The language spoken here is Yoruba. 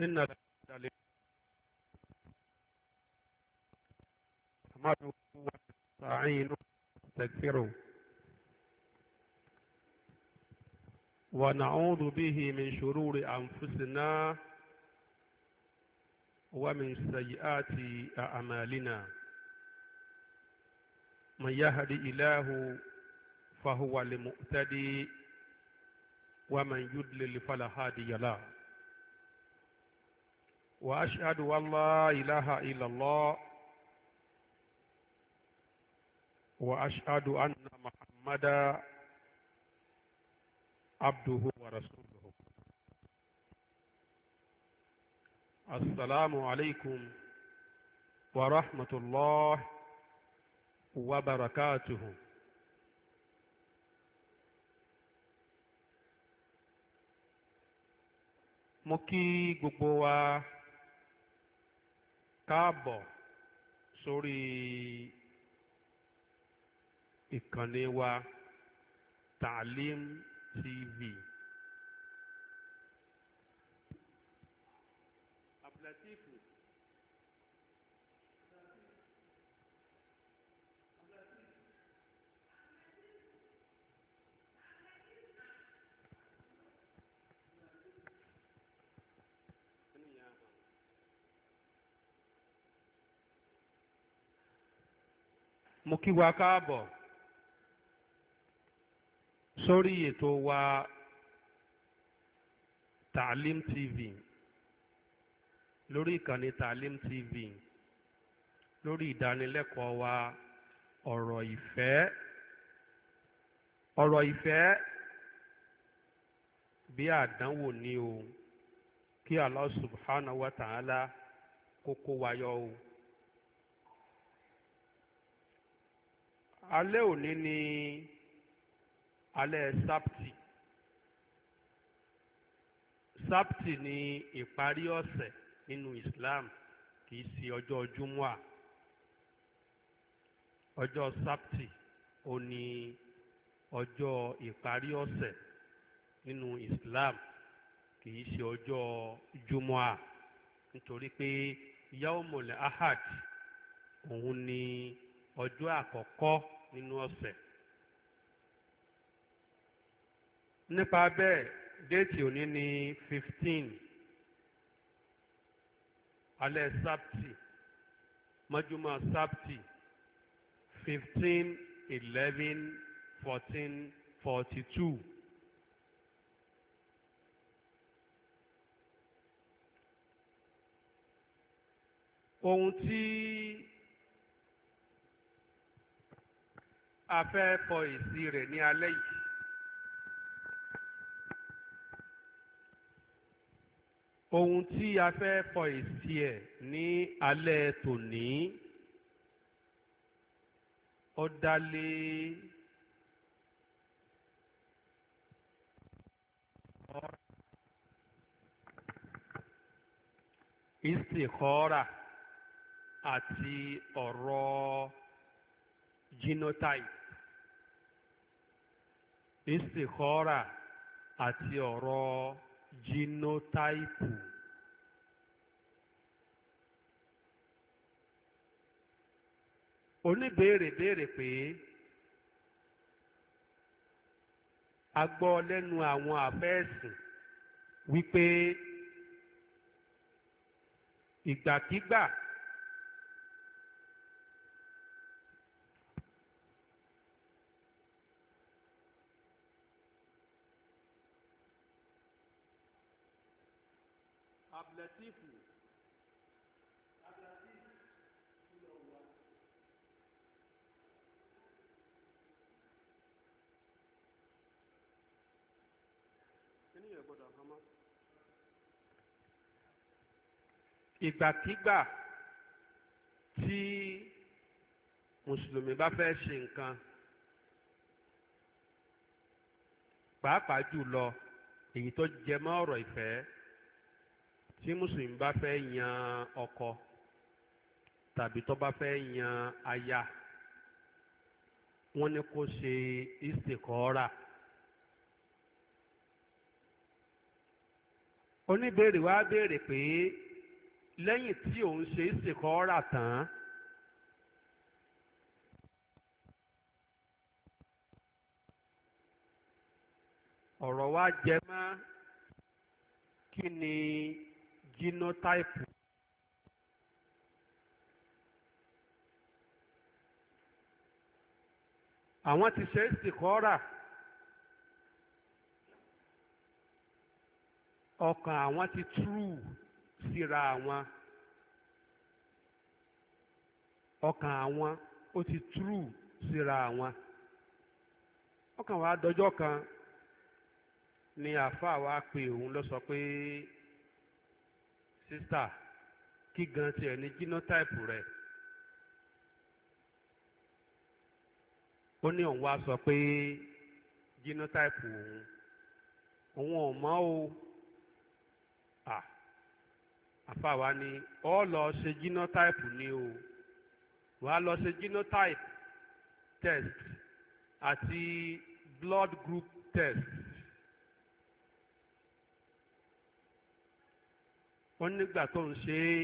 إن أحمده وأستعينه وأستغفره ونعوذ به من شرور أنفسنا ومن سيئات أعمالنا من يهد إله فهو لمؤتدي ومن يدلل فلا هادي له وأشهد أن لا إله إلا الله وأشهد أن محمدا عبده ورسوله السلام عليكم ورحمة الله وبركاته mo kí gbogbo wa. káàbọ̀ sórí ìkànnì wa talim TV. mo kí wa káàbọ̀ sórí ètò wa Taalim TV lórí ìkànnì Taalim TV lórí ìdánilẹ́kọ̀ọ́ wa ọ̀rọ̀ ìfẹ́ ọ̀rọ̀ ìfẹ́ bí àdánwò ni o kí Allah subhanahu wa ta'ala kó wa yọ o. alẹ́ òní ni alẹ́ sábtì sábtì ni ìparí ọ̀sẹ̀ nínú Islam kì í ṣe ọjọ́ júmọ́à ọjọ́ sábtì ó ní ọjọ́ ìparí ọ̀sẹ̀ nínú Islam kì í ṣe ọjọ́ júmọ́à nítorí pé yaumul ahad òun ni ọjọ́ àkọ́kọ́. nínú ọ̀sẹ̀. nípa bẹ́ẹ̀ déètì òní ni fifteen alẹ́ sábtì mọ́júmọ́ sábtì fifteen eleven fourteen forty two. ohun tí a fẹ́ kọ èsì rẹ̀ ní alẹ́ yìí. ohun tí a fẹ́ kọ èsì ẹ̀ ní alẹ́ tòní ó dá lé àti ọ̀rọ̀ genotype istikhara àti ọ̀rọ̀ genotype. oníbèrè béèrè pé a gbọ́ lẹ́nu àwọn àfẹ́ẹ̀sìn wípé ìgbàkigbà. abdulatifu abdulatifu ló wà. kí ni yẹn gbọ́dọ̀ hàn mọ́ ìgbàkígbà tí mùsùlùmí bá fẹ́ ṣe nǹkan pàápàá jùlọ èyí tó jẹ mọ́ ọ̀rọ̀ ìfẹ́ tí mùsùlùmí bá fẹ́ yan ọkọ tàbí tó bá fẹ́ yan aya wọ́n ní kó ṣe istikọ́ra. oníbèrè wa béèrè pé lẹ́yìn tí òun ṣe istikọ́ra tán. ọ̀rọ̀ wa jẹ mọ́ kí ni genotype àwọn ti ṣe ìsìkọ́ra ọkàn àwọn ti true síra àwọn ọkàn àwọn ó ti true síra àwọn ọkàn wa dọjọ́ kan ni àáfàá wa pe òun lọ sọ pé. sísà kí gan tiẹ̀ ní genotype rẹ̀ ó ní òun wá sọ pé genotype òun òun ò mọ̀ o àfàwa ni ọ lọ ṣe genotype ni o wàá lọ ṣe genotype test àti blood group test ó nígbà tó ń ṣe é